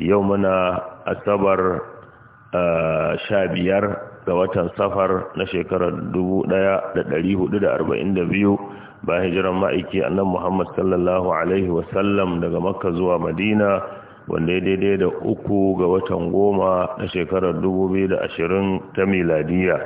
yau muna asabar ah, sha biyar ga watan safar na shekarar dubu ɗaya da da da ɗari arba'in biyu ba hijiran ma'aiki annan muhammad sallallahu alaihi wasallam daga makka zuwa madina wanda ya daidai da uku ga watan goma na shekarar dubu biyu da ashirin ta miladiya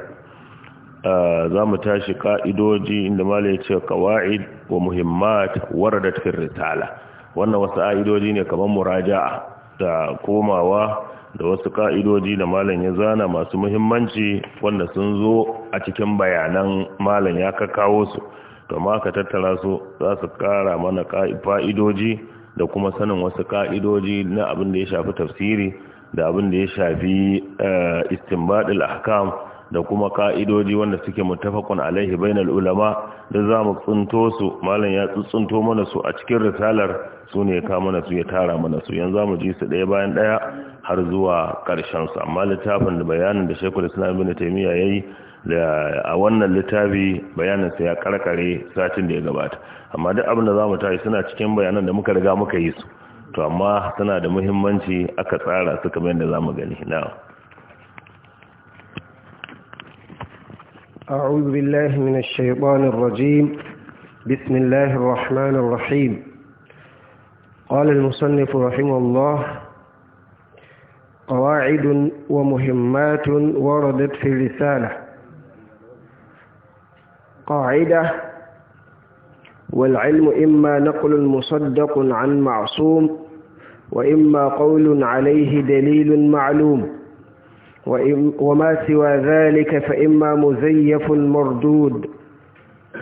ah, za mu tashi ka'idoji inda mala ya ce kawa'id wa muhimmat waradat fi ritala wannan wasu a'idoji ne kamar muraja'a da komawa da wasu ka'idoji da malam ya zana masu muhimmanci wanda sun zo a cikin bayanan malam ya kakawo su kama ka tattara su za su kara mana fa'idoji da kuma sanin wasu ka'idoji na abin da ya shafi tafsiri da abin da ya shafi eh, istimbadil ahkam da kuma ka'idoji wanda suke mutafakun alaihi bainal ulama da za mu tsunto su malam ya tsunto mana su a cikin risalar su ne ka mana su ya tara mana su yanzu mu ji su ɗaya bayan ɗaya har zuwa ƙarshen su amma littafin da bayanin da shekul Islam Ibn Taymiyyah yayi da a wannan littafi bayanin sa ya karkare satin da ya gabata amma duk abin da za mu tafi suna cikin bayanan da muka riga muka yi su to amma suna da muhimmanci aka tsara su kamar yadda mu gani na. أعوذ بالله من الشيطان الرجيم بسم الله الرحمن الرحيم قال المصنف رحمه الله قواعد ومهمات وردت في الرسالة قاعدة والعلم إما نقل مصدق عن معصوم وإما قول عليه دليل معلوم وما سوى ذلك فإما مزيف مردود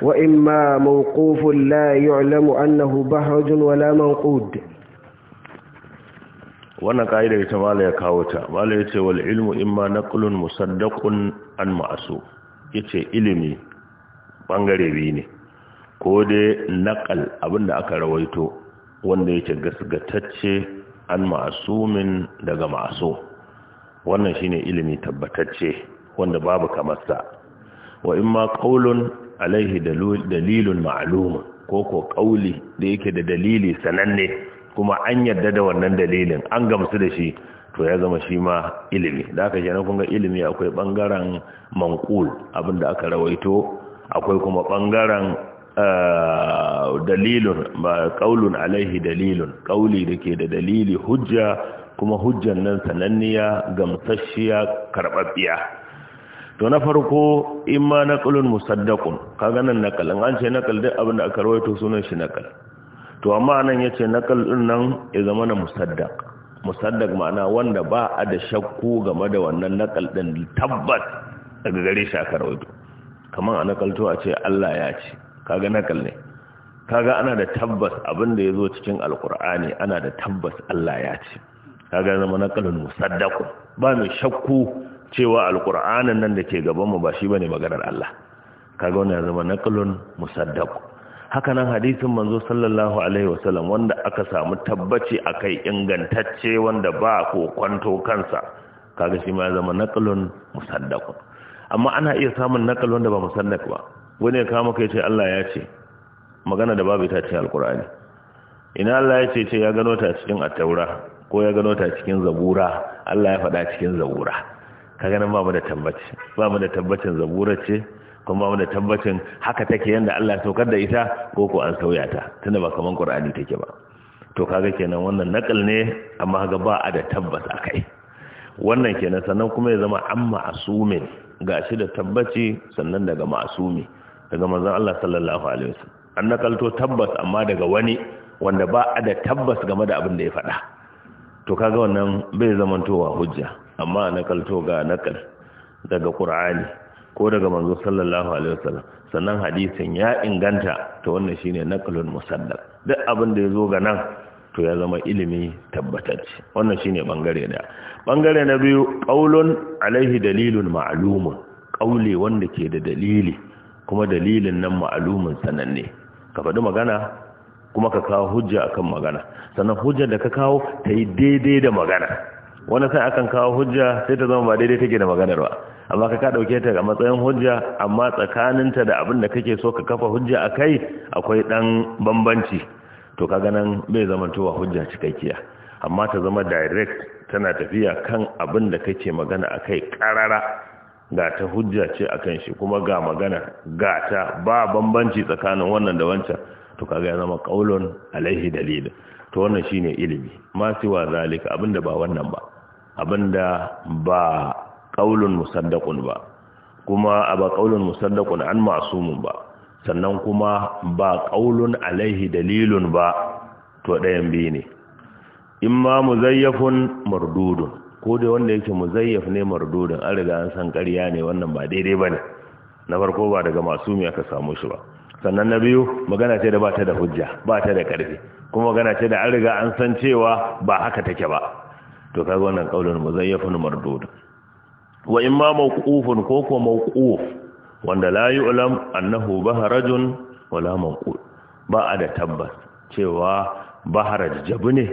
وإما موقوف لا يعلم أنه بهرج ولا منقود wannan ka'idar ita mala ya kawo ta mala ya ce wal ilmu imma naqlun musaddaqun an ma'asu yace ilimi bangare biyu ne ko dai naƙal abin da aka rawaito wanda yake gasgatacce an ma'asumin daga masu. wannan shi ne ilimi tabbatacce wanda babu kamar sa wa ma qaulun alaihi dalilun ma'lum ko ko ƙauli da yake da dalili sananne kuma an yadda da wannan dalilin an gamsu da shi to ya zama shi ma ilimi da aka na kun ga ilimi akwai bangaren manqul abinda aka rawaito akwai kuma bangaren eh, dalilun ba qaulun alaihi dalilun qauli dake da dalili hujja kuma hujjan nan sananniya gamsasshiya karɓaɓɓiya to na farko in ma naqlun musaddaqun kaga nan naqal an ce naqal duk abin da aka rawaito sunan shi naqal to amma nan yace naqal din nan ya zama na musaddaq musaddaq ma'ana wanda ba a da shakku game da wannan naqal din tabbas daga gare shi aka rawaito kamar a nakalto a ce Allah ya ce kaga naqal ne kaga ana da tabbas abin da yazo cikin alqur'ani ana da tabbas Allah ya ce kaga zama kalin musaddaku. ba mai shakku cewa alkur'anin nan da ke gaban mu ba shi ba ne maganar Allah kaga ya zama na kalin haka nan hadisin manzo sallallahu alaihi wasallam wanda aka samu tabbaci a kai ingantacce wanda ba ko kwanto kansa kaga shi ma zama kalin musaddaku. amma ana iya samun kalin wanda ba musaddaku ba wani ya kama kai ce Allah ya ce magana da babu ta ce alkur'ani ina Allah ya ce ce ya gano ta cikin attaura ko ya gano ta cikin zabura Allah ya faɗa cikin zabura ka ganin ba mu da tabbaci ba mu da tabbacin zabura ce kuma ba mu da tabbacin haka take yanda Allah ya saukar da ita ko ko an sauya ta tunda ba kaman Qur'ani take ba to kaga kenan wannan nakal ne amma ga ba a da tabbas kai wannan kenan sannan kuma ya zama amma asumin gashi da tabbaci sannan daga masumi daga manzon Allah sallallahu alaihi wasallam an nakalto tabbas amma daga wani wanda ba a da tabbas game da abin da ya faɗa to kaga wannan bai towa hujja amma to ga nakal daga qur'ani ko daga manzo sallallahu alaihi wasallam sannan hadisin ya inganta to wannan shine naqlun musaddaq duk abin da yazo ga nan to ya zama ilimi tabbatacce wannan shine bangare da bangare na biyu qaulun alaihi dalilun ma'lumun qauli wanda ke da dalili kuma dalilin nan ma'lumun sananne ka faɗi magana kuma ka kawo hujja akan magana sannan hujjar da ka kawo ta yi daidai da magana wani sai akan kawo hujja sai ta zama ba daidai take da maganar ba amma ka ka dauke ta a matsayin hujja amma tsakaninta da abin da kake so ka kafa hujja akai, akwai dan bambanci to ka ganin bai zama towa hujja cikakkiya amma ta zama direct tana tafiya kan abin da kake magana a kai karara ga ta hujja ce akan shi kuma ga magana ga ta ba bambanci tsakanin wannan da wancan to kaga ya zama qaulun alaihi dalil to wannan shine ilimi ma siwa zalika abinda ba wannan ba abinda ba qaulun musaddaqun ba kuma aba qaulun musaddaqun an ma'sumun ba sannan kuma ba ƙaulun alaihi dalilun ba to dayan bi ne imma muzayyafun mardudun ko da wanda yake muzayyaf ne mardudun an riga an san ƙarya ne wannan ba daidai bane na farko ba daga masumi aka samu shi ba sannan na biyu magana ce da ba ta da hujja ba ta da ƙarfi kuma magana ce da an riga an san cewa ba haka take ba to kaga wannan kaulin muzayyafun mardud wa imma mawqufun ko ko mawquf wanda la yu'lam annahu baharajun wala manqul ba a da tabbas cewa baharaj jabu ne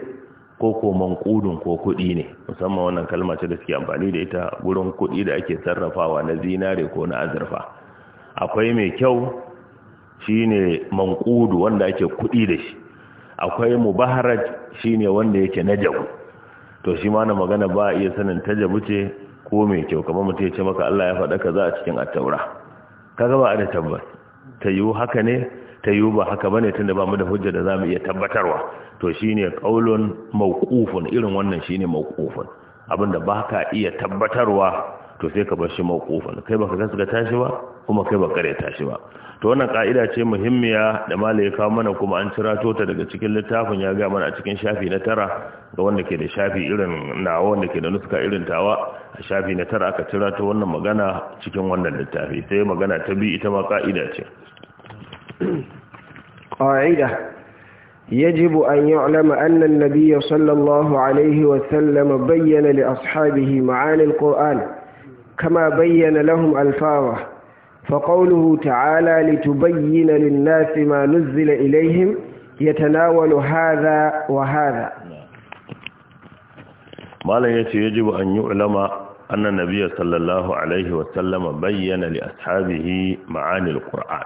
ko ko manqulun ko kudi ne musamman wannan kalma ce da suke amfani da ita gurin kudi da ake sarrafawa na zinare ko na azurfa akwai mai kyau shine manqudu wanda ake kuɗi da shi akwai mubaharaj shine wanda yake najab to shi ma na magana ba a iya sanin tajabu ce ko mai kyau kamar mutum ya ce maka Allah ya faɗa kaza a cikin at-taura kaga a da tabbas ta yiwu haka ne ta yiwu ba haka bane tunda ba mu da hujja da zamu iya tabbatarwa to shine qaulun mawqufun irin wannan shine mawqufun abinda baka iya tabbatarwa to sai ka bar shi mawqufan kai baka gaskata tashi ba kuma kai baka kare tashi ba to wannan ka'ida ce muhimmiya da malai ya kawo mana kuma an cira ta daga cikin littafin ya ga mana a cikin shafi na tara ga wanda ke da shafi irin nawa wanda ke da nuska irin tawa a shafi na tara aka cira ta wannan magana cikin wannan littafi sai magana ta bi ita ma ka'ida ce قاعدة يجب أن يعلم أن النبي صلى الله عليه وسلم بين لأصحابه معاني القرآن كما بين لهم ألفاظه فقوله تعالى لتبين للناس ما نزل إليهم يتناول هذا وهذا ما لا يجب أن يعلم أن النبي صلى الله عليه وسلم بين لأصحابه معاني القرآن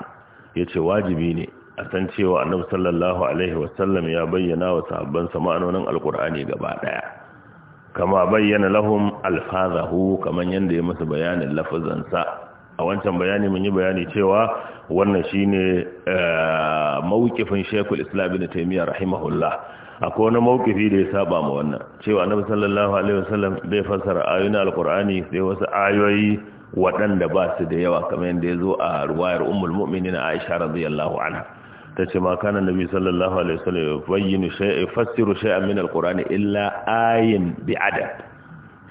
yace wajibi ne a san cewa annabi sallallahu alaihi wasallam ya bayyana wa sahabbansa ma'anonin alkur'ani gaba daya kama bayyana lahum alfazahu kaman yanda ya musu bayanin lafazansa a wancan bayani mun yi bayani cewa wannan shine eh, mawqifin Sheikhul Islam Ibn Taymiyyah rahimahullah akwai wani mawqifi da ya saba ma wannan cewa Annabi sallallahu alaihi wasallam bai fassara ayoyin alqur'ani sai wasu ayoyi waɗanda ba su da yawa kamar yanda ya zo a ruwayar Ummul Mu'minin Aisha radiyallahu anha ce ma kana nabi sallallahu alaihi wasallam bayyana shay'a fassiru shay'an min alqur'ani illa ayin bi adad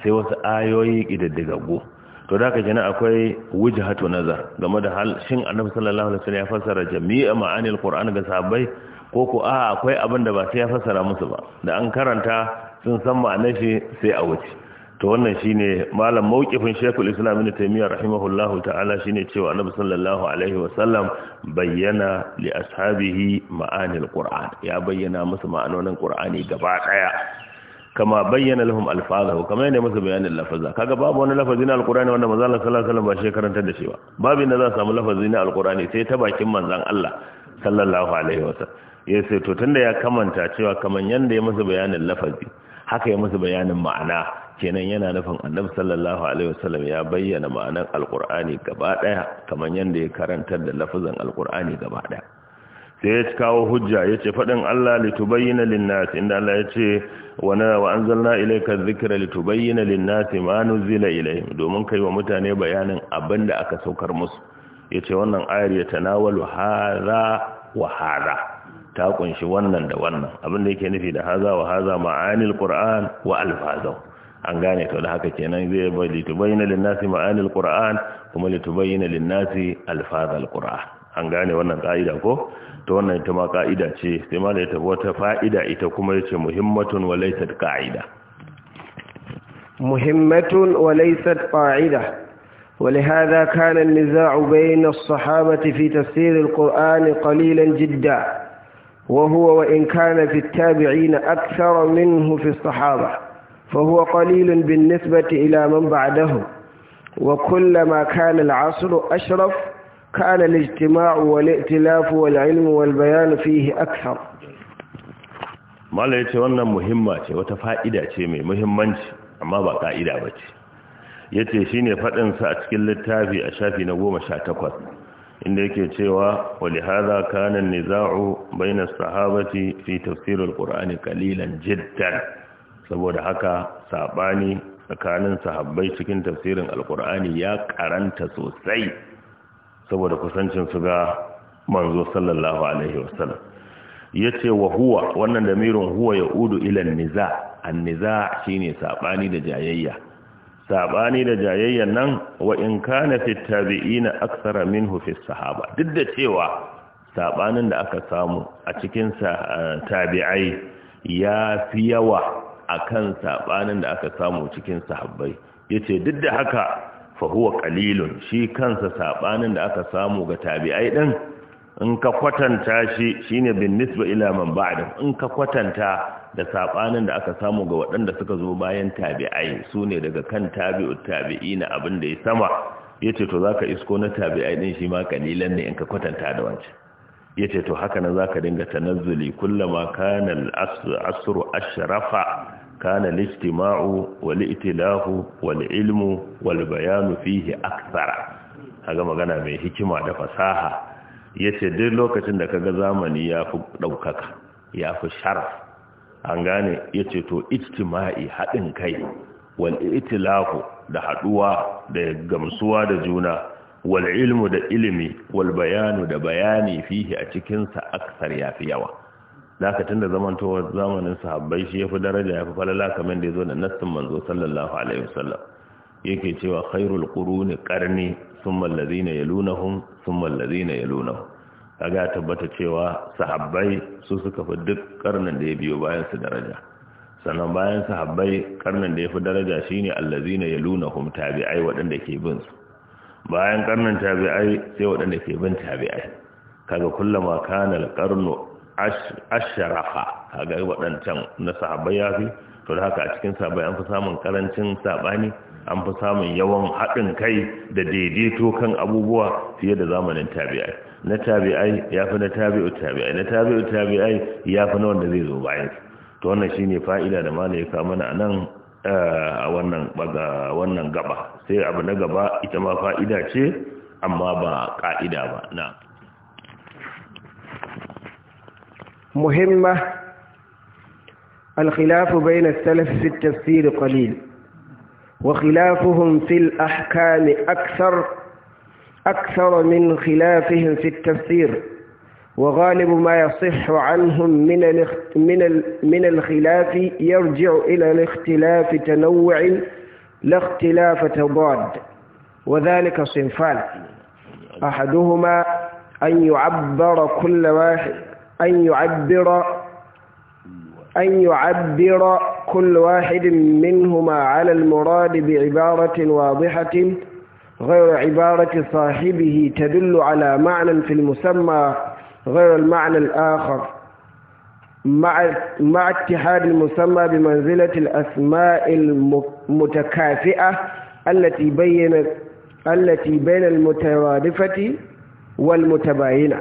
sai wasu ayoyi kididdigaggo to da ji na akwai wujhatu nazar game da hal shin annabi sallallahu alaihi wasallam ya fassara jami'a ma'ani alqur'ani ga sahabbai ko ko a akwai abin da ba sai ya fassara musu ba da an karanta sun san ma'anar shi sai a wuce to wannan shine malam mawqifin Sheikhul Islam Ibn Taymiyyah rahimahullahu ta'ala shine cewa Annabi sallallahu alaihi wa sallam, bayyana li ashabihi ma'anil Qur'an ya bayyana musu ma'anonin Qur'ani gaba daya kama bayyana lahum alfazahu kama yana musu bayanin lafaza kaga babu wani lafazi na alqur'ani wanda manzo Allah sallallahu alaihi wasallam ba shi karanta da shi ba babu inda za samu lafazi na alqur'ani sai ta bakin manzon Allah sallallahu alaihi wa sallam, ya yace to tunda ya kamanta cewa kaman yanda ya musu bayanin lafazi haka ya musu bayanin ma'ana kenan yana nufin annabi sallallahu alaihi wasallam ya bayyana ma'anar alqur'ani gaba daya kamar yanda ya karanta da lafazin alqur'ani gaba daya sai ya kawo hujja yace fadin Allah litubayyana lin-nas inda Allah yace wa anzalna ilayka dhikra litubayyana lin-nas ma nuzila ilayhim domin kai wa mutane bayanin abinda aka saukar musu yace wannan ayar ya tanawalu hadha wa hadha ta kunshi wannan da wannan abinda yake nufi da haza wa haza ma'anil qur'an wa alfazahu an gane to da haka kenan zai bai litubayyana linnasi ma'anil qur'an kuma litubayyana linnasi alfazal qur'an an gane wannan ka'ida ko to wannan ita ma ka'ida ce sai ma da tafi wata fa'ida ita kuma yace muhimmatun wa laysat qa'ida muhimmatun wa laysat qa'ida ولهذا كان النزاع بين الصحابة في تفسير القرآن قليلا جدا وهو وإن كان في التابعين أكثر منه في الصحابة فهو قليل بالنسبة إلى من بعده وكلما كان العصر أشرف كان الاجتماع والائتلاف والعلم والبيان فيه أكثر ما لا يتوانا مهمة وتفائدة شيء مهمة ما بقى إلى بك يتشيني فتن سأتكل التابي أشافي نبو مشاكفت إنك يتوى ولهذا كان النزاع بين الصحابة في تفسير القرآن قليلا جداً saboda haka saɓani tsakanin sahabbai cikin tafsirin alkur'ani ya karanta sosai saboda kusancin ga manzo sallallahu alaihi wasallam ya ce wa huwa wannan damirin huwa ya udu ilan niza an niza shine saɓani da jayayya saɓani da jayayyan nan wa in kana fi tabi'ina aksara minhu fi sahaba duk da cewa saɓanin da aka samu a cikin eh, tabi'ai ya fi yawa akan saɓanin da aka samu cikin sahabbai yace duk da haka fa huwa shi kansa sabanin da aka samu ga tabi'ai din in ka kwatanta shi shine bin nisba ila man ba'da in ka kwatanta da sabanin da aka samu ga waɗanda suka zo bayan tabi'ai sune daga kan tabi'ut na abin da ya sama yace to zaka isko na tabi'ai din shi ma ƙalilan ne in ka kwatanta da wancan yace to haka nan za ka dinga tanazzuli kullama kana al'asru ashrafa kana al-ijtima'u wal itilahu wal ilmu wal bayanu fihi akthara kaga magana mai hikima da fasaha yace duk lokacin da kaga zamani ya fi daukaka ya fi sharaf an gane yace to ijtima'i hadin kai wal itilahu da haduwa da gamsuwa da juna wal ilmu da ilimi wal bayanu da bayani fihi a cikinsa aksar ya fi yawa zaka da zamantowar zamanin sahabbai shi ya fi daraja ya fi falala kamar da ya zo da nassin manzo sallallahu alaihi wasallam yake cewa khairul quruni qarni thumma alladhina yalunahum thumma alladhina yalunahum kaga tabbata cewa sahabbai su suka fi duk karnin da ya biyo bayan su daraja sannan bayan sahabbai karnin da ya fi daraja shine allazina yalunahum tabi'ai waɗanda ke bin su bayan karnin tabi'ai sai waɗanda ke bin tabi'ai kaga kullama kana alqarnu asharafa kaga waɗancan na sahabbai fi? to da haka a cikin sahabbai an fi samun karancin saɓani? an fi samun yawan haɗin kai da daidaito kan abubuwa fiye da zamanin tabi'ai na tabi'ai fi na tabi'u tabi'ai na tabi'u tabi'ai fi na wanda zai zo bayan to wannan shine fa'ida da malai ya kawo mana anan wannan wannan gaba sai abu na gaba ita ma fa'ida ce amma ba ka'ida ba na muhimma الخلاف بين السلف في التفسير قليل وخلافهم في الأحكام أكثر أكثر من خلافهم في التفسير وغالب ما يصح عنهم من من من الخلاف يرجع إلى الاختلاف تنوع لا اختلاف تضاد وذلك صنفان أحدهما أن يعبر كل واحد أن يعبر أن يعبر كل واحد منهما على المراد بعبارة واضحة غير عبارة صاحبه تدل على معنى في المسمى غير المعنى الآخر مع مع اتحاد المسمى بمنزلة الأسماء المتكافئة التي بينت التي بين المترادفة والمتباينة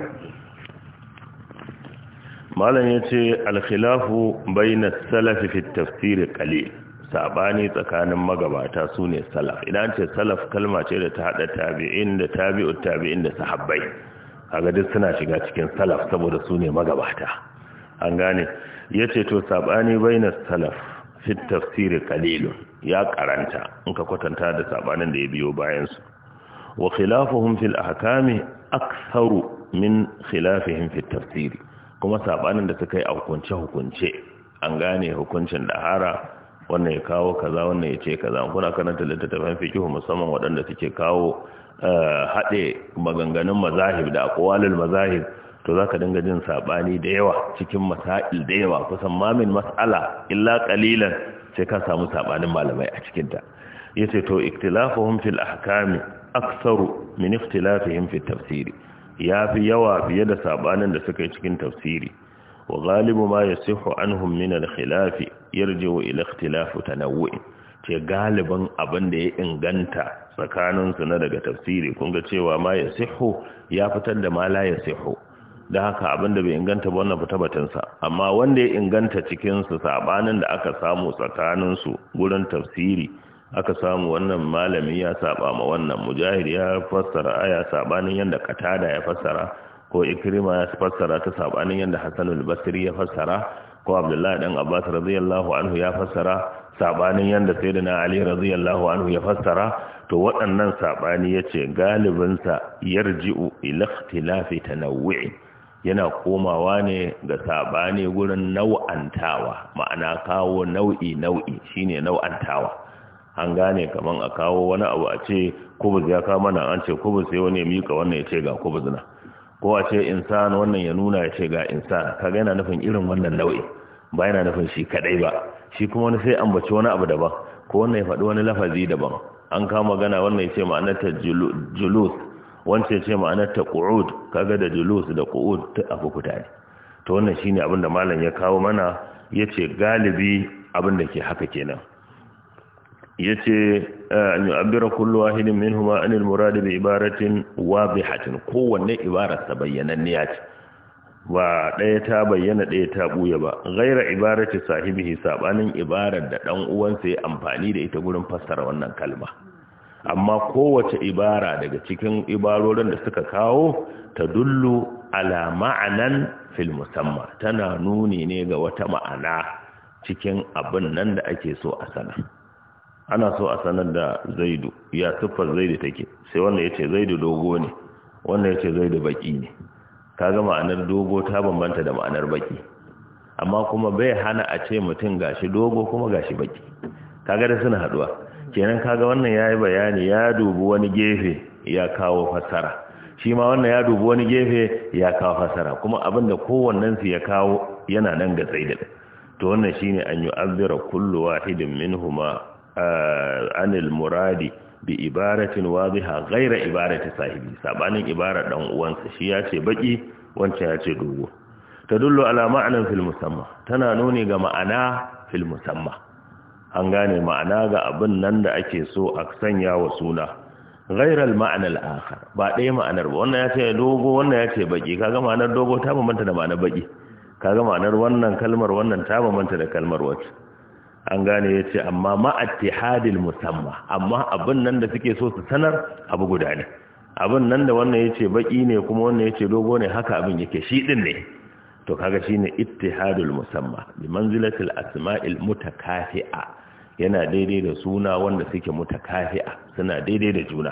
ما لم يتي الخلاف بين السلف في التفسير قليل ساباني تكان مقباتا سوني السلف إذا أنت السلف كلمة تحدى تابعين تابع التابعين صحبين kaga suna shiga cikin salaf saboda su ne magabata an gane ya ce to saɓani na salaf fit tafsiri kalilun ya karanta in ka kwatanta da saɓanin da ya biyo bayansu wa khilafuhum fil ahkami aktharu min khilafihim fit tafsiri kuma saɓanin da suka yi a hukunce hukunce an gane hukuncin dahara wannan ya kawo kaza wannan ya ce kaza kuna karanta littattafan fikihu musamman waɗanda suke kawo eh, haɗe maganganun mazahib da aqwalul mazahib to zaka dinga jin saɓani da yawa cikin masail da yawa kusan ma min mas'ala illa qalilan sai ka samu saɓanin malamai a cikin ta ce to ikhtilafuhum fil ahkami aktsaru min ikhtilafihim fit tafsiri fi yawa fiye da saɓanin da suka yi cikin tafsiri وغالب ما يصح عنهم من الخلاف يرجع الى اختلاف تنوع ce galiban abin da ya inganta tsakaninsu na daga tafsiri kun ga cewa ma ya siho ya fitar da ma la ya siho da haka abin da bai inganta ba wannan fita batunsa amma wanda ya inganta cikinsu sabanin da aka samu tsakaninsu gurin tafsiri aka samu wannan malami ya saba ma wannan mujahid ya fassara aya sabanin yadda katada ya fassara ko ikrima ya fassara ta sabanin yadda hasan al-Basri ya fassara ko Abdullahi dan Abbas radiyallahu anhu ya fassara sabanin yadda Sayyidina Ali radiyallahu anhu ya fassara to waɗannan sabani yace galibin sa yarji'u ila ikhtilafi tanawwi yana komawa ne ga sabani gurin nau'antawa ma'ana kawo nau'i nau'i shine nau'antawa an gane kaman a kawo wani abu a ce kubus ya kama mana an ce kubus sai wani ya mika wannan ya ce ga kubus na ko a ce insan wannan ya nuna ya ce ga insan kaga yana nufin irin wannan nau'i ba yana nufin shi kadai ba shi kuma wani sai ambaci wani abu daban ko wannan ya faɗi wani lafazi daban an kama magana wannan ya ce ma'anar ta julus wancan ce ma'anar ta qu'ud kaga da julus da qu'ud ta abu guda ne to wannan shine abin da malam ya kawo mana yace galibi abin da ke haka kenan yace eh, an yu'abbira kullu wahidin an anil murad bi ibaratin wadihatin kowanne ibarar ta bayyananniya ce ba ɗaya ta bayyana ɗaya ta buya ba ghaira ibarati sahibihi hisabanin ibarar da dan uwansa ya amfani da ita gurin fassara wannan kalma amma kowace ibara daga cikin ibarorin da suka kawo ta dullu ala ma'anan fil musamma tana nuni ne ga wata ma'ana cikin abin nan da ake so a sanar ana so a sanar da zaidu ya siffar zaidu take sai wanda ya ce zaidu dogo ne wanda ya ce zaidu baki ne ga ma'anar dogo ta bambanta da ma'anar baki amma kuma bai hana a ce mutum gashi dogo kuma gashi baki ga da suna haduwa kenan ka ga wannan ya yi bayani ya dubi wani gefe ya kawo fassara shi ma wannan ya dubi wani gefe ya kawo fassara kuma abinda kowannen su ya kawo yana nan ga da, to wannan shine an yu'azzira kullu wahidin minhuma anil muradi bi ibaratin wadiha ghaira ibarati sahibi sabanin ibara dan uwansa shi yace baki wancan yace dogo tadullu ala ma'anan fil musamma tana nuni ga ma'ana fil musamma an gane ma'ana ga abin nan da ake so a sanya wa suna al ma'ana al-akhar ba ɗaya ma'anar ba wannan yace dogo wannan yace baki kaga ma'anar dogo ta bambanta da ma'anar baki kaga ma'anar wannan kalmar wannan ta bambanta da kalmar wacce an gane ya ce amma ma'attihadil musamma amma abin nan da suke so su sanar abu guda ne abin nan da wannan ya ce baƙi ne kuma wannan ya ce dogo ne haka abin yake shi din ne to kaga shi ne ittihadul musamma bi manzilatul asma'il mutakafi'a yana daidai da suna wanda suke mutakafi'a suna daidai da juna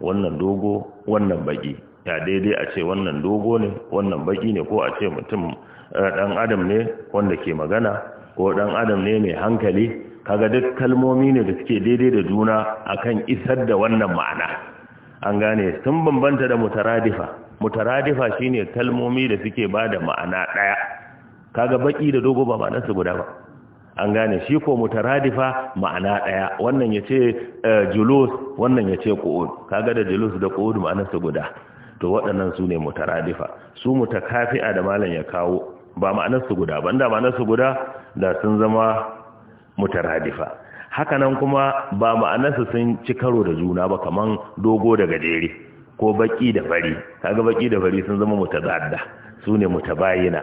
wannan dogo wannan baƙi ya daidai a ce wannan dogo ne wannan baƙi ne ko a ce mutum eh, ɗan adam ne wanda ke magana ko ɗan adam ne mai hankali kaga duk kalmomi ne da suke daidai da juna akan isar da wannan ma'ana an gane sun bambanta da mutaradifa mutaradifa shine kalmomi da suke ba da ma'ana ɗaya kaga baki da dogo ba ma'ana su guda ba an gane shi ko mutaradifa ma'ana ɗaya. wannan ya ce eh, julus wannan ya ce qu'ud kaga da julus da qu'ud ma'ana su guda to waɗannan su ne mutaradifa su mutakafi'a da malam ya kawo ba ma'ana su guda banda ma'ana su guda da sun zama mutaradifa hakanan kuma ba ma'anarsa sun ci karo da juna ba kaman dogo da gajere ko baki da fari kaga baki da fari sun zama mutazadda su ne mutabayina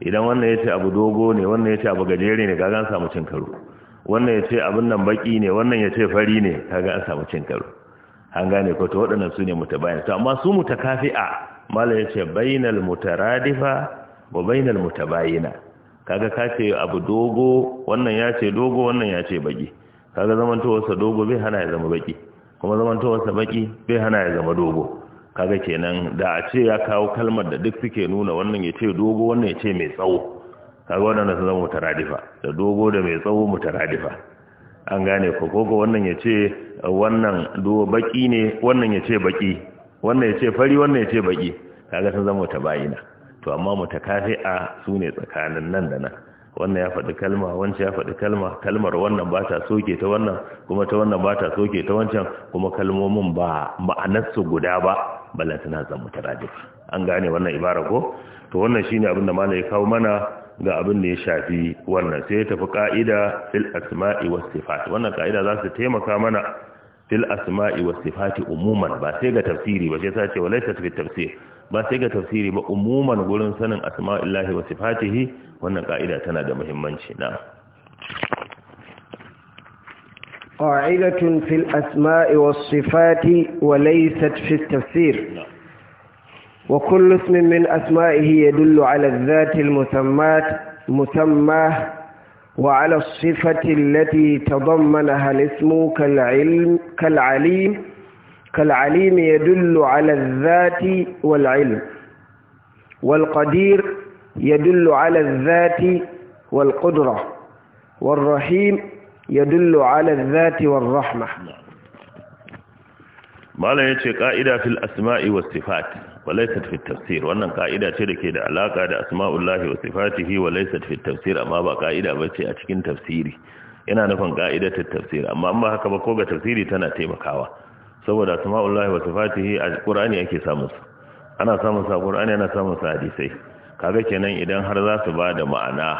idan wannan ya ce abu dogo ne wannan ya ce abu gajere ne kaga an samu cin karo wannan ya ce abin nan baki ne wannan ya ce fari ne kaga an samu cin karo an gane ko to waɗannan su ne mutabayina to amma su mutakafi'a mala ya ce bainal mutaradifa wa bainal mutabayina kaga ka ce abu dogo wannan ya ce dogo wannan ya ce baki kaga zamantowarsa dogo bai hana ya zama baki kuma zamantowarsa baki bai hana ya zama dogo kaga kenan da a ce ya kawo kalmar da duk suke nuna wannan ya ce dogo wannan ya ce mai tsawo kaga wannan su zama mutaradifa da dogo da mai tsawo mutaradifa an gane ko koko wannan ya ce wannan do baki ne wannan ya ce baki wannan ya ce fari wannan ya ce baki kaga sun zama ta bayina. to amma mutakafi'a su ne tsakanin nan da nan wannan ya faɗi kalma wancan ya faɗi kalma kalmar wannan ba ta soke ta wannan kuma ta wannan ba ta soke ta wancan kuma kalmomin ba ma'anarsu guda ba balla tana zan mutarajif an gane wannan ibara ko to wannan shine abin da malai kawo mana ga abin da ya shafi wannan sai ya tafi ka'ida fil asma'i was sifat wannan ka'ida za su taimaka mana fil asma'i was sifat umuman ba sai ga tafsiri ba sai ta ce walaysa fi tafsir ba sai ga tafsiri ba umuman gurin sanin asma'illahi wa sifatihi wannan ka'ida tana da muhimmanci na قاعدة في الأسماء والصفات وليست في التفسير وكل اسم من أسمائه يدل على الذات المسمات مسمى وعلى الصفة التي تضمنها الاسم كالعلم كالعليم كالعليم يدل على الذات والعلم والقدير يدل على الذات والقدرة والرحيم يدل على الذات والرحمة ما لا يتشي قائدة في الأسماء والصفات وليست في التفسير وأن قائدة تركي لعلاقة أسماء الله وصفاته وليست في التفسير أما بقائدة بشي أتشكين تفسيري ina nufin ka'idar tafsir amma amma haka ba ko ga tafsiri saboda asma'ullahi wa sifatihi a qur'ani ake samu ana samun sa qur'ani ana samun sa hadisai kaga kenan idan har za su bada ma'ana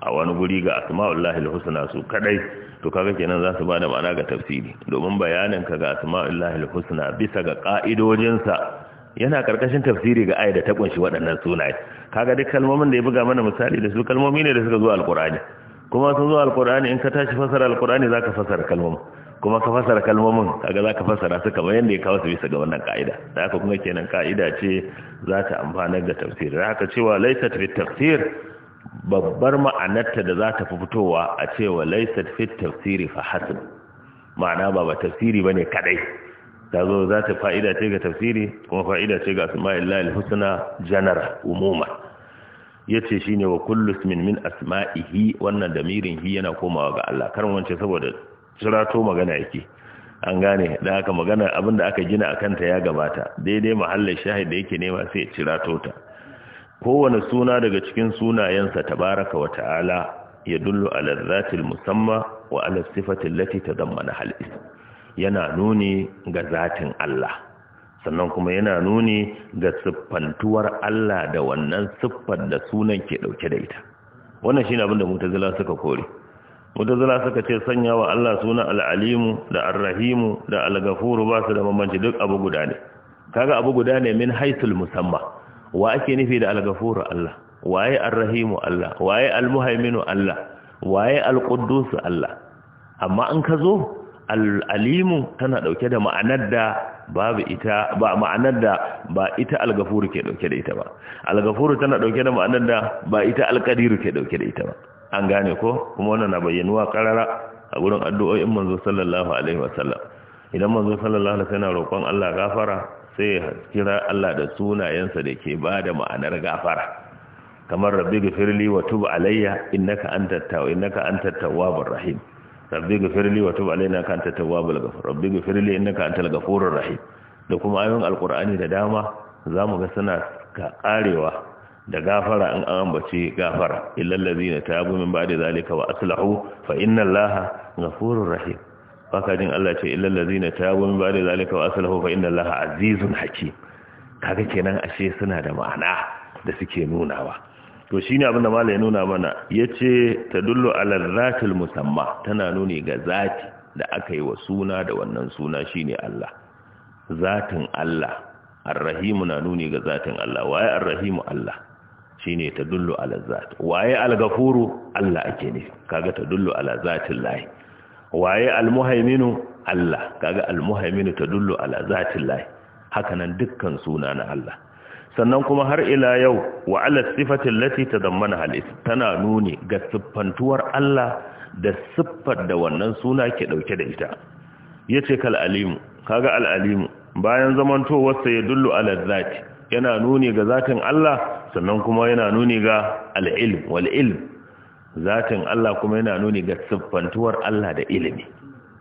a wani guri ga asma'ullahi al su kadai to kaga kenan za su bada ma'ana ga tafsiri domin bayanin ka ga asma'ullahi al bisa ga sa yana karkashin tafsiri ga ayata ta kunshi waɗannan sunaye kaga duk kalmomin da ya buga mana misali da su kalmomi ne da suka zo alqur'ani kuma sun zo alqur'ani in ka tashi fasara alqur'ani zaka fasara kalmomin kuma ka fasara kalmomin kaga za ka fasara su kamar yadda ya kawo su bisa ga wannan ka'ida da haka kuma kenan ka'ida ce za ta amfanar da tafsir da haka cewa laisat fi tafsir babbar ma'anarta da za ta fi fitowa a cewa laisat fi tafsiri fa hasan ma'ana ba ba tafsiri bane kadai ta zo za ta fa'ida ce ga tafsiri kuma fa'ida ce ga asma'il al-husna janara umuma ya ce wa kullu ismin min asma'ihi wannan damirin hi yana komawa ga Allah karin wance saboda shirato magana yake an gane da haka magana abin da aka gina a kanta ya gabata daidai mahallin shahid da yake nema sai cirato ta kowane suna daga cikin sunayensa tabaraka wa ta'ala ya dullu ala zatil musamma wa ala sifatin lati ta zammana halis yana nuni ga zatin Allah sannan kuma yana nuni ga siffantuwar Allah da wannan siffar da sunan ke dauke da ita wannan shine abin da mutazila suka kore mutazila suka ce sanya wa Allah suna al'alimu da arrahimu da al’agafuru ba su da bambanci duk abu guda ne kaga abu guda ne min haisul musamma wa ake nufi da al’agafuru Allah waye arrahimu Allah waye almuhaiminu Allah waye alquddus Allah amma an ka zo al'alimu tana dauke da ma'anar da babu ita ba ma'anar da ba ita algafuru ke dauke da ita ba algafuru tana dauke da ma'anar da ba ita alqadiru ke dauke da ita ba an gane ko kuma wannan na bayyanuwa karara a gurin addu'o'in manzo sallallahu alaihi wasallam idan manzo sallallahu alaihi wasallam roƙon Allah gafara sai ya kira Allah da sunayensa da ke bada ma'anar gafara kamar rabbi gafirli wa tub alayya innaka antat tawwab innaka antat tawwabur rahim rabbi gafirli wa tub alayna ka antat tawwabul ghafur rabbi gafirli innaka antal ghafurur rahim da kuma ayoyin alqur'ani da dama zamu ga suna ka karewa da gafara an ambace gafara illal ladina tabu min ba'di zalika wa aslahu fa inna allaha ghafurur rahim baka jin Allah ce illal ladina tabu min ba'di zalika wa aslahu fa inna allaha azizun hakim kaga kenan ashe suna da ma'ana da suke nunawa to shine abin da malai nuna mana yace tadullu ala zatil musamma tana nuni ga zati da aka yi wa suna da wannan suna shine Allah zatin Allah arrahimu na nuni ga zatin Allah waye arrahimu Allah shine dullu ala zat waye al Allah ake ne kaga dullu ala zatil lahi waye al-muhaiminu Allah kaga al-muhaiminu dullu ala zatil lahi hakanan dukkan suna na Allah sannan kuma har ila yau wa ala sifatin lati tadammana halis tana nuni ga siffantuwar Allah da siffar da wannan suna ke dauke da ita yace kal alimu kaga al alimu bayan zamantowarsa ya dullu ala zati yana nuni ga zatin Allah sannan kuma yana nuni ga al'ilm wal zatin Allah kuma yana nuni ga siffantuwar Allah da ilimi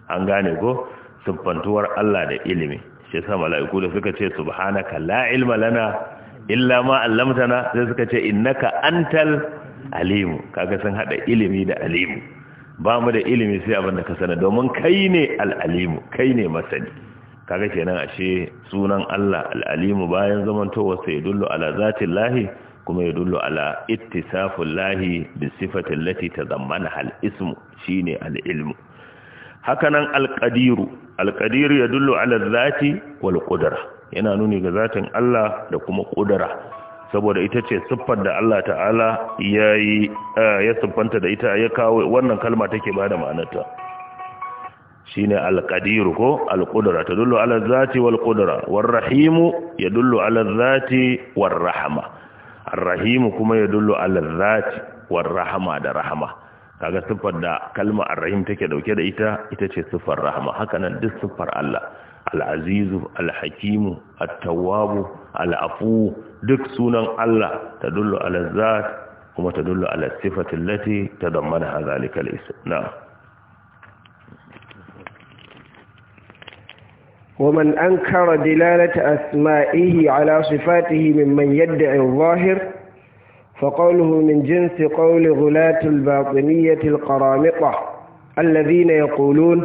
an gane ko siffantuwar Allah da ilimi shi sa mala'iku da suka ce subhanaka la ilma lana illa ma allamtana sai suka ce innaka antal alimu kaga sun hada ilimi da alimu ba mu da ilimi sai abin da ka sana domin kai ne al'alimu kai ne masani kaga kenan ashe sunan Allah al bayan zamantowa sai dullu ala zatin lahi kuma ya dullo ala ittisafin lahi bi sifatin lati ta zammana al-ismu shine al hakanan al-qadiru ya dullu ala zati wal qudra yana nuni ga zatin Allah da kuma qudra saboda ita ce siffar da Allah ta'ala ya siffanta da ita ya kawo wannan kalma take ba da ma'anarta shine al ko alƙudura, ta dullo ala zati wal qudra war rahimu yadullu ala kuma yadullu ala zati war da rahma kaga siffar da kalma arrahim take dauke da ita ita ce sifar rahma haka nan duk sifar Allah al-azizu al-hakimu at-tawwabu duk sunan Allah tadullu ala zati kuma tadullu ta sifati ta tadammanaha zalika na'am ومن أنكر دلالة أسمائه على صفاته ممن يدعي الظاهر فقوله من جنس قول غلاة الباطنية القرامطة الذين يقولون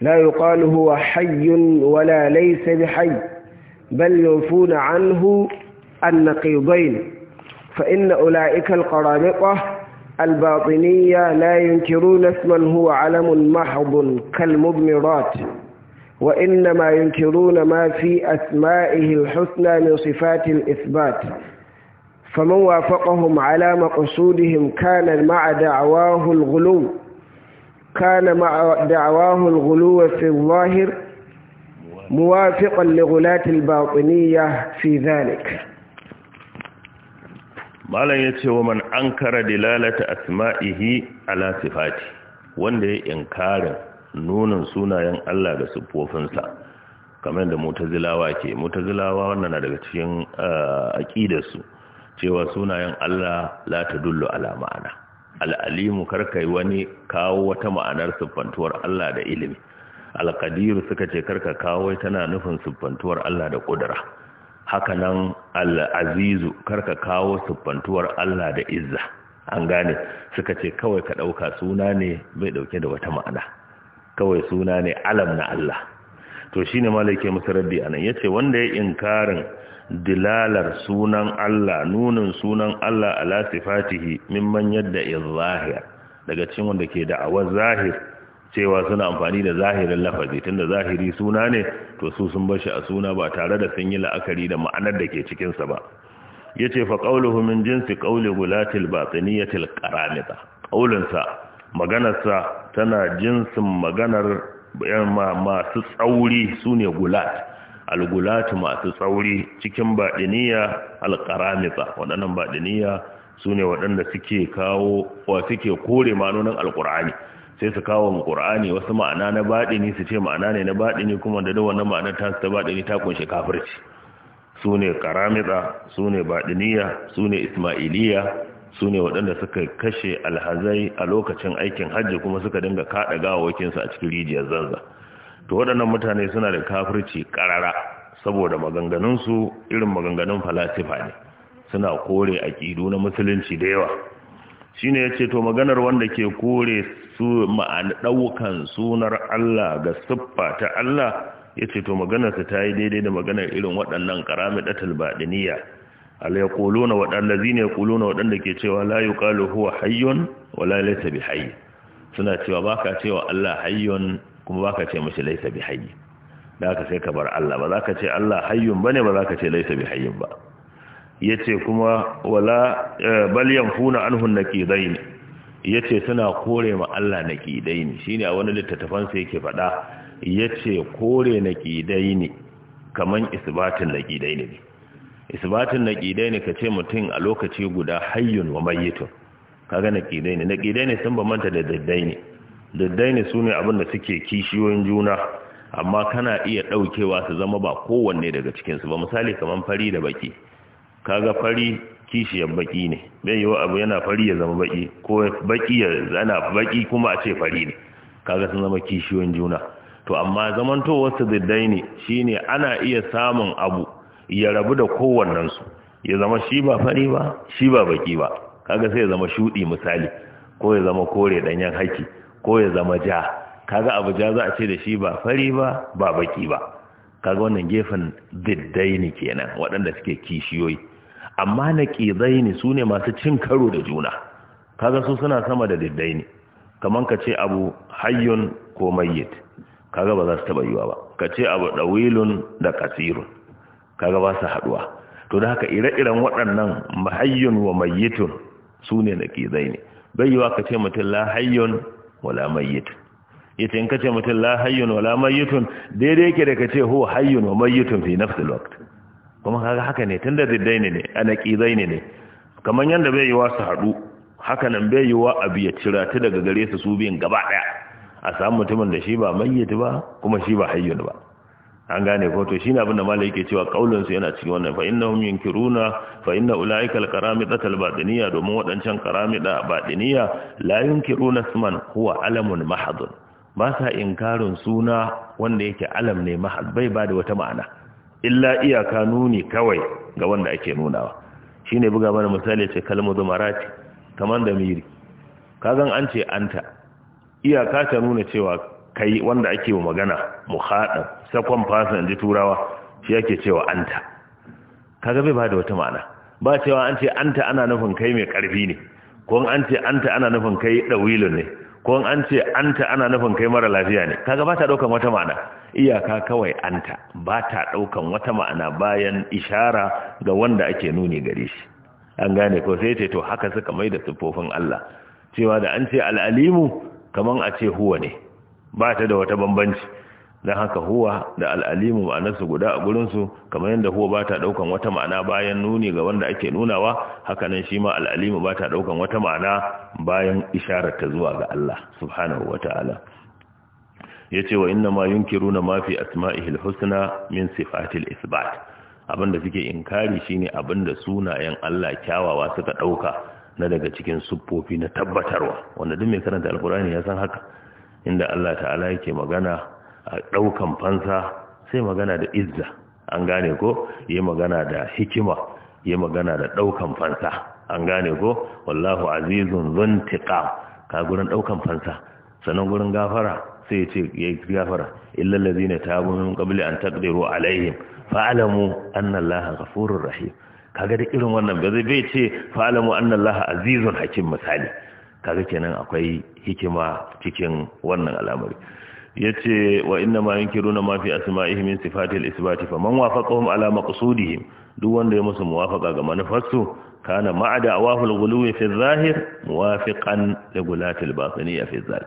لا يقال هو حي ولا ليس بحي بل ينفون عنه النقيضين فإن أولئك القرامطة الباطنية لا ينكرون اسما هو علم محض كالمضمرات وإنما ينكرون ما في أسمائه الحسنى من صفات الإثبات فمن وافقهم على مقصودهم كان مع دعواه الغلو كان مع دعواه الغلو في الظاهر موافقا لغلاة الباطنية في ذلك malam ya ce wa man an kara dilalata asma'ihi ala sifati wanda ya inkarin nunan sunayen Allah da siffofinsa kamar da mutazilawa ke mutazilawa wannan na daga cikin eh, aqidarsu cewa sunayen Allah la tadullu ala ma'ana al-alimu karkai wani kawo wata ma'anar siffantuwar Allah da ilimi al-qadir suka ce karka kawo tana nufin siffantuwar Allah da kudura hakanan al-azizu karka kawo siffantuwar Allah da izza an gane suka ce kawai ka dauka suna ne bai dauke da wata ma'ana kawai suna ne alam na Allah to shi ne malaike musu nan anan ce wanda ya inkarin dilalar sunan Allah nunin sunan Allah ala sifatihi da in zahir daga cikin wanda ke da'awar zahir cewa suna amfani da zahirin lafazi da zahiri suna ne to su sun shi a suna ba tare da sun yi la'akari da ma'anar da ke cikinsa ba. Ya ce fa qawluhu min jinsi qawli gulatil ba qaramita ƙaramita sa maganarsa tana jinsin maganar masu tsauri su ne gulat algulat masu tsauri cikin baɗiniya alƙaramita waɗannan baɗiniya su ne waɗanda suke kawo wa suke kore manonin alƙur'ani sai su kawo mu ƙur'ani wasu ma'ana na baɗini su ce ma'ana ne na baɗini kuma da da wannan ma'anar ta ta baɗini ta kunshi kafirci su ne karamita su ne baɗiniya su ne ismailiya su ne waɗanda suka kashe alhazai a lokacin aikin hajji kuma suka dinga kaɗa gawawakinsu a cikin rijiyar zanza to waɗannan mutane suna da kafirci ƙarara saboda maganganunsu irin maganganun falasifa ne suna kore a aƙidu na musulunci da yawa Shi ne ya ce to maganar wanda ke kore su ma'ana sunar Allah ga siffa ta Allah ya ce to maganarsa ta yi daidai da maganar irin waɗannan ɗatal baɗiniya alai kuluna waɗanda kuluna waɗanda ke cewa la yuqalu huwa hayyun wala bi bihayy suna cewa baka cewa Allah hayyun kuma baka ce laisa bi bihayy da haka sai ka bar Allah ba za ka ce Allah hayyun bane ba za ka ce bi bihayyin ba yace kuma wala eh, bal yanfuna anhu naqidain yace suna kore ma Allah naqidain shine a wani littattafan sa yake faɗa yace kore naqidain kaman isbatin naqidain ne isbatin naqidai ne kace mutum a lokaci guda hayyun wa mayyitun kaga naqidai ne naqidai ne sun manta da daddai ne daddai ne sune abin da suke kishiyoyin juna amma kana iya ɗaukewa su zama ba kowanne daga cikinsu ba misali kaman fari da baki kaga fari kishiyar baki ne bai yiwa abu yana fari ya zama baki ko baki ya zana baki kuma a ce fari ne kaga sun zama kishiyoyin juna to amma su daddai ne shine ana iya samun abu ya rabu da kowannensu ya zama shi ba fari ba shi ba baki ba kaga sai ya zama shudi misali ko ya zama kore danyen haki ko ya zama ja kaga abu ja za a ce da shi ba fari ba ba baki ba kaga wannan gefen diddaini kenan waɗanda suke kishiyoyi amma na ƙizaini su ne masu cin karo da juna kaga su suna sama da diddaini Kamar ka ce abu hayyun ko mayyit kaga ba za su taɓa yiwa ba ka ce abu ɗawilun da kasirun kaga ba su haduwa to da haka ire-iren waɗannan mahayyun wa mayyitun su ne na zai ne bai wa ka ce mutum la hayyun wala mayyitun yace in ka ce mutum la hayyun wala mayyitun daidai yake da ka ce ho hayyun wa mayyitun fi nafsil lokta kuma kaga haka ne tun da diddai ne ne a ana zai ne ne kamar yadda bai yi wa su haɗu haka nan bai wa abu ya cira ta daga gare su su biyan gaba ɗaya a samu mutumin da shi ba mayyit ba kuma shi ba hayyun ba an gane ko to shine abin da malai yake cewa kaulin su yana cikin wannan fa innahum yunkiruna fa inna ulaika alqaramida domin wadancan qaramida batiniya la yunkiruna isman huwa alamun mahadun ba sa inkarin suna wanda yake alam ne mahad bai ba da wata ma'ana illa iya kanuni kawai ga wanda ake nunawa shine buga mana misali ce kalmu zumarati kaman da miri kagan an ce anta ka ta nuna cewa kai wanda ake wa magana muhadab sakon fasa inji turawa shi yake cewa anta kaga bai bada wata ma'ana ba cewa an ce anta ana nufin kai mai karfi ne ko an ce anta ana nufin kai dawilun ne ko an ce anta ana nufin kai mara lafiya ne kaga ba ta daukan wata ma'ana iyaka kawai anta ba ta daukan wata ma'ana bayan ishara ga wanda ake nuni gare shi an gane ko sai ce to haka suka mai da siffofin Allah cewa da an ce al'alimu kaman a ce huwa ne ba ta da wata bambanci don haka huwa da al'alimu ma'anarsu guda a gurinsu kamar yadda huwa ba ta ɗaukan wata ma'ana bayan nuni ga wanda ake nunawa haka nan shi ma al'alimu ba ta ɗaukan wata ma'ana bayan isharar ta zuwa ga Allah subhanahu wa ta'ala ya ce wa inna ma yunkiru na mafi asma'ihil husna min sifatil isbat abinda suke inkari shine abinda sunayen Allah kyawawa suka ɗauka na daga cikin siffofi na tabbatarwa wanda duk mai karanta alkurani ya san haka inda Allah ta'ala yake magana a ɗaukan fansa sai magana da izza an gane ko yi magana da hikima yi magana da ɗaukan fansa an gane ko wallahu azizun zuntiqa ka gurin ɗaukan fansa sannan gurin gafara sai ce ya yi gafara illal ladina tabu min qabli an taqdiru alaihim fa'lamu anna allaha ghafurur rahim kaga da irin wannan ba zai bai ce fa'lamu anna azizun hakim misali kaga kenan akwai hikima cikin wannan al'amari yace wa inna ma yunkiruna ma fi asma'ihim min sifatil isbati faman wafaqahum ala maqsudihim duk wanda ya musu muwafaqa ga manufarsu kana ma'ada awahul ghuluw fi zahir muwafiqan li al batiniyya fi zahir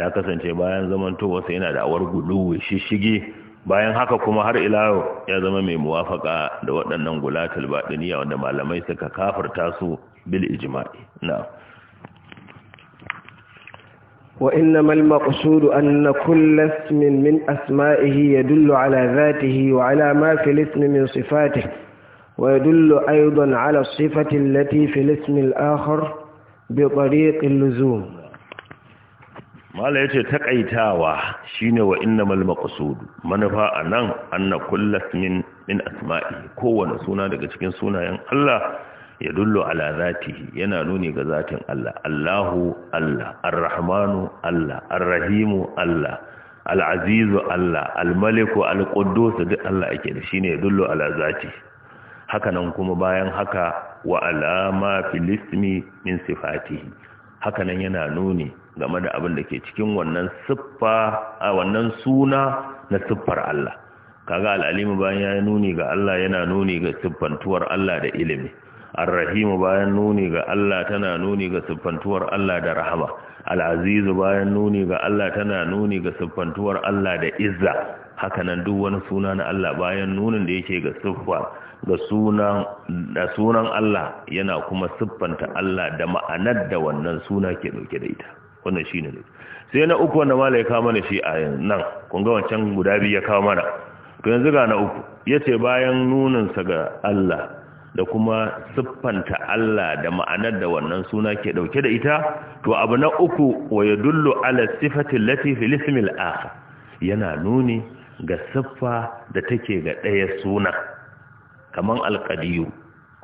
ya kasance bayan zaman to sai yana da awar guluwi shishige bayan haka kuma har ila ya zama mai muwafaka da waɗannan al batiniyya wanda malamai suka kafirta su bil ijma'i na'am وإنما المقصود أن كل اسم من أسمائه يدل على ذاته وعلى ما في الاسم من صفاته ويدل أيضا على الصفة التي في الاسم الآخر بطريق اللزوم ما لا يتي تقيتاوا وإنما المقصود من فأنا أن كل اسم من أسمائه كون سونا لكي سونا sunayen Allah ya dullo ala zatihi yana nuni ga zatin Allah Allahu Allah Ar-Rahmanu Allah Ar-Rahimu Allah Al-Azizu Allah Al-Maliku Al-Quddus duk Allah yake da shine ya dullo ala zati haka nan kuma bayan haka wa alama fil ismi min sifatihi haka nan yana nuni game da abin da ke cikin wannan siffa a wannan suna na siffar Allah kaga al-alimu bayan ya nuni ga Allah yana nuni ga siffantuwar Allah da ilimi Ar-Rahim bayan nuni ga Allah tana nuni ga siffantuwar Allah da rahama. Al-Aziz bayan nuni ga Allah tana nuni ga siffantuwar Allah da izza. Hakanan duk wani suna na Allah bayan nunin da yake ga siffa ga sunan da sunan Allah yana kuma siffanta Allah da ma'anar da wannan suna ke dauke da ita. Wannan shine ne. Sai na uku wanda ya kawo mana shi a nan. Kun ga wancan guda biyu ya kawo mana. To yanzu ga na uku. Yace bayan sa ga Allah da kuma siffanta Allah da ma'anar da wannan suna ke dauke da ita to abu na uku wa yadullu ala sifati allati fil ismi al yana nuni ga siffa da take ga ɗaya suna kaman al qadiyu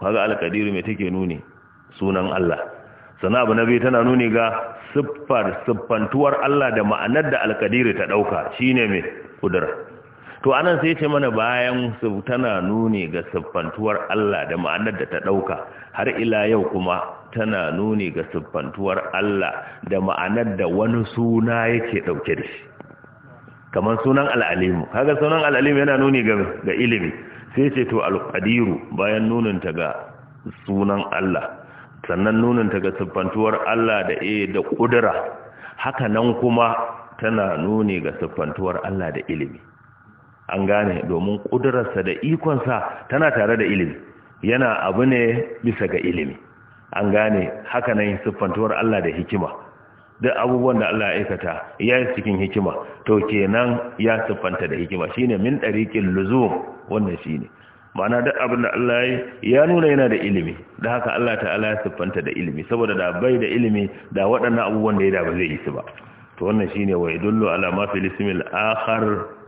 kaga al qadiru me take nuni sunan Allah sana abu na biyu tana nuni ga siffar siffantuwar Allah da ma'anar da al qadiru ta dauka shine mai kudura to anan sai ce mana bayan su tana nuni ga siffantuwar Allah da ma'anar da ta ɗauka har ila yau kuma tana nuni ga siffantuwar Allah da ma'anar da wani suna yake ɗauke da shi kamar sunan al'alimu kaga sunan al'alimu yana nuni ga ilimi sai ce to al'adiru, bayan nuninta ga sunan Allah sannan nuninta ga siffantuwar Allah da e da ƙudura haka nan kuma tana nuni ga siffantuwar Allah da ilimi an gane domin ƙudurarsa da ikonsa tana tare da ilimi yana abu ne bisa ga ilimi an gane haka nan siffantuwar Allah da hikima duk abubuwan da Allah ya aikata ya yi cikin hikima to kenan ya siffanta da hikima shine min ɗariƙin luzum wannan shine ma'ana duk abin da Allah ya nuna yana da ilimi da haka Allah ta'ala ya siffanta da ilimi saboda da bai da ilimi da waɗannan abubuwan da ya da ba zai yi su ba to wannan shine wa idullu ala ma fil ismil akhar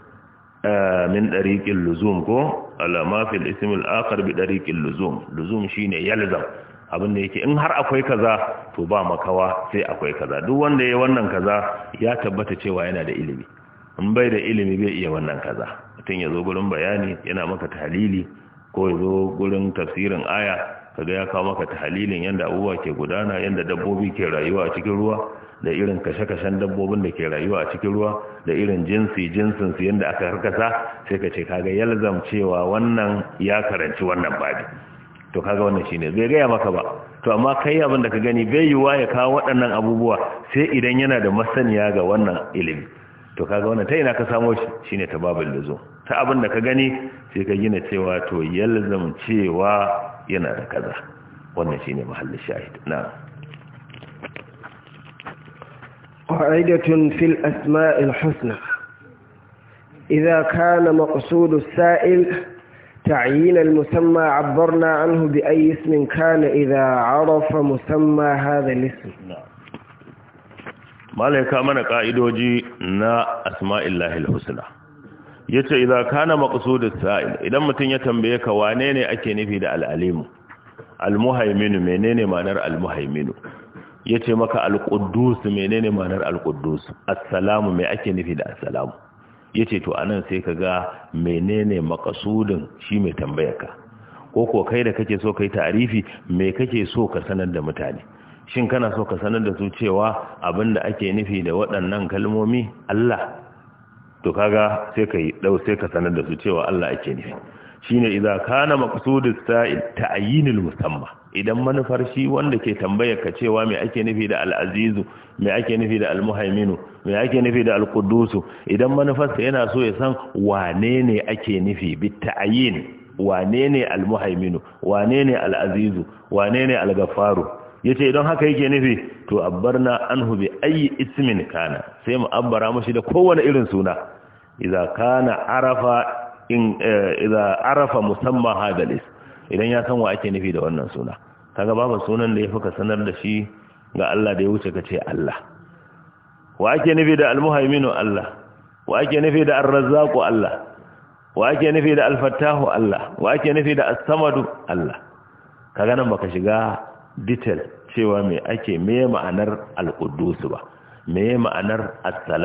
min ɗariƙin luzum ko alama fil ismil akar bi ɗariƙin luzum luzum shine yalzam abin da yake in har akwai kaza to ba makawa sai akwai kaza duk wanda ya wannan kaza ya tabbata cewa yana da ilimi in bai da ilimi bai iya wannan kaza mutum ya zo gurin bayani yana maka tahlili ko ya zo gurin tafsirin aya kaga ya kawo maka tahlilin yanda abubuwa ke gudana yanda dabbobi ke rayuwa a cikin ruwa da irin kashe-kashen dabbobin da ke rayuwa a cikin ruwa da irin jinsi jinsin su yadda aka harkasa sai ka ce kaga yalzam cewa wannan ya karanci wannan babi to kaga wannan shine bai gaya maka ba to amma kai abin da ka gani bai yiwa ya kawo waɗannan abubuwa sai idan yana da masaniya ga wannan ilimi to kaga wannan ta ina ka samo shi shine ta babul luzo ta abin da ka gani sai ka gina cewa to yalzam cewa yana da kaza wannan shine mahallin shahid na'am قاعدة في الأسماء الحسنى إذا كان مقصود السائل تعيين المسمى عبرنا عنه بأي اسم كان إذا عرف مسمى هذا الاسم malaika mana ka'idoji na asma'illahi al-husna yace idan kana maqsudus sa'il idan mutun ya tambaye ka wane ne ake nufi da al-alimu al-muhaimin menene ma'anar al-muhaimin ya ce maka alƙuddus menene ma'anar alƙuddus assalamu mai ake nufi da assalamu ya ce to a nan sai ka ga menene makasudin shi mai tambayarka ko ko kai da kake so kai tarifi mai kake so ka sanar da mutane shin kana so ka sanar da su cewa abin da ake nufi da waɗannan kalmomi Allah to kaga sai ka yi dau sai ka sanar da su cewa Allah ake nufi shine idza kana maqsudus sa'il ta'yinul musamma idan manufar shi wanda ke tambayar ka cewa mai ake nufi da al'azizu mai ake nufi da almuhaiminu me ake nufi da alkudusu, idan manufarsa yana so ya san wane ne ake nufi Bitta ayin, wane ne almuhaiminu wane ne al'azizu wane ne Ya ce idan haka yake nufi to na an hube ayi ismin kana sai mu abbara mashi da kowane irin suna Iza kana arafa in eh, idza arafa idan ya san wa ake nufi da wannan suna kaga babu sunan da ya fi ka sanar da shi ga Allah da ya wuce ka ce Allah wa ake nufi da al-muhaiminu Allah wa ake nufi da ar-razzaqu Allah wa ake nufi da alfattahu Allah wa ake nufi da as-samadu Allah kaga nan baka shiga detail cewa me ake me ma'anar al-quddus ba me ma'anar as ba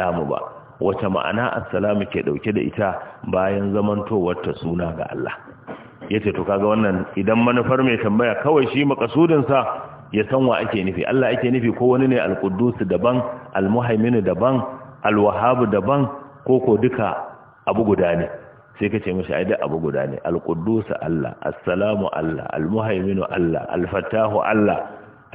wace ma'ana as-salamu ke dauke da ita bayan zamantowar ta suna ga Allah yace to kaga wannan idan manufar mai tambaya kawai shi makasudin sa ya san wa ake nufi Allah ake nufi ko wani ne al-Quddus daban al-Muhaimin daban al-Wahhab daban ko ko duka abu guda ne sai kace mishi ai duk abu guda ne al-Quddus Allah assalamu Allah al-Muhaimin Allah al-Fattahu Allah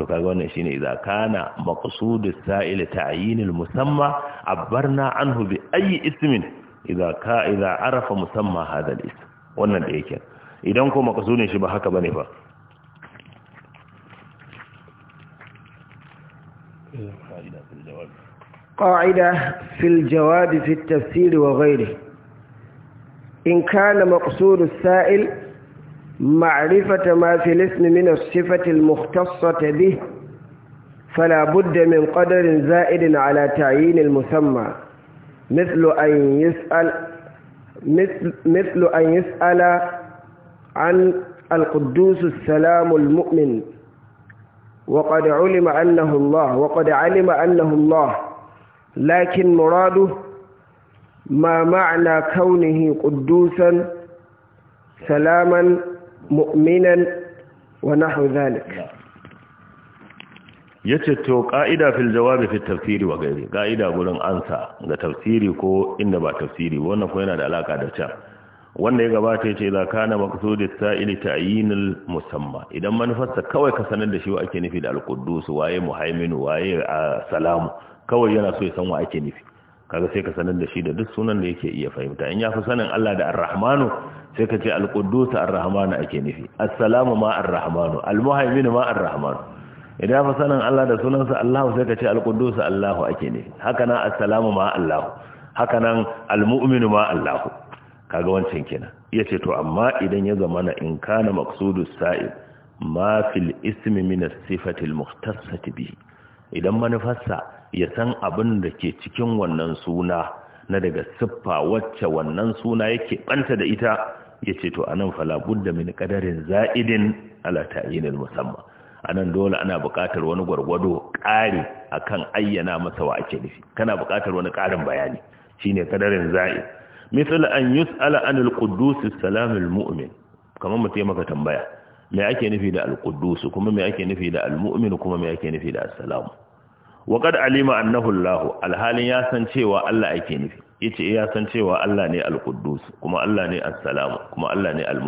to kaga wannan shine idza kana maqsudus sa'il ta'yinul musamma abarna anhu bi ayi ismin idza ka idza arafa musamma hadha al-ism wannan da yake idan ko makasudin shi ba haka bane ba قاعدة في الجواب في التفسير وغيره إن كان مقصود السائل معرفة ما في الاسم من الصفة المختصة به فلا بد من قدر زائد على تعيين المسمى مثل أن يسأل مثل, مثل أن يسأل عن القدوس السلام المؤمن وقد علم أنه الله وقد علم أنه الله لكن مراده ما معنى كونه قدوسا سلاما مؤمنا ونحو ذلك يتتو قائدة في الجواب في التفسير وغيره قائدة قولن أنسى لتفسيري كو إنبا تفسيري وانا فوينة دعلاقة دعشان wanda ya gabata ya ce za ka na maksudi sa'ili ta'yinul musamma idan manufarsa kawai ka sanar da shi wa ake nufi da alquddus waye muhaiminu waye salamu kawai yana so ya san wa ake nufi kaga sai ka sanar da shi da duk sunan da yake iya fahimta in ya fi sanin Allah da arrahmanu sai ka ce alquddus arrahmanu ake nufi assalamu ma arrahmanu almuhaimin ma arrahmanu idan ya fi sanin Allah da sunansa allahu sai ka ce alquddus Allahu ake nufi haka nan assalamu ma allahu haka nan almu'minu ma Allahu kaga wancan kenan ya ce to amma idan ya zama na in kana maqsudu sa'id ma fil ismi min as-sifati al idan manufarsa ya san abin da ke cikin wannan suna na daga siffa wacce wannan suna yake banta da ita ya ce to anan fala budda min qadarin za'idin ala ta'yinil musamma anan dole ana buƙatar wani gwargwado ƙari akan ayyana masa wa ake nufi kana buƙatar wani ƙarin bayani shine qadarin za'id misal an yus'ala anil quddus salamul mu'min kamar mu ya maka tambaya me ake nufi da al-quddus kuma me ake nufi da al-mu'min kuma me ake nufi da as Waƙar alima annahullahu alhalin ya san cewa Allah ake nufi ce eh, ya san cewa Allah ne al-quddus kuma Allah ne as kuma Allah ne al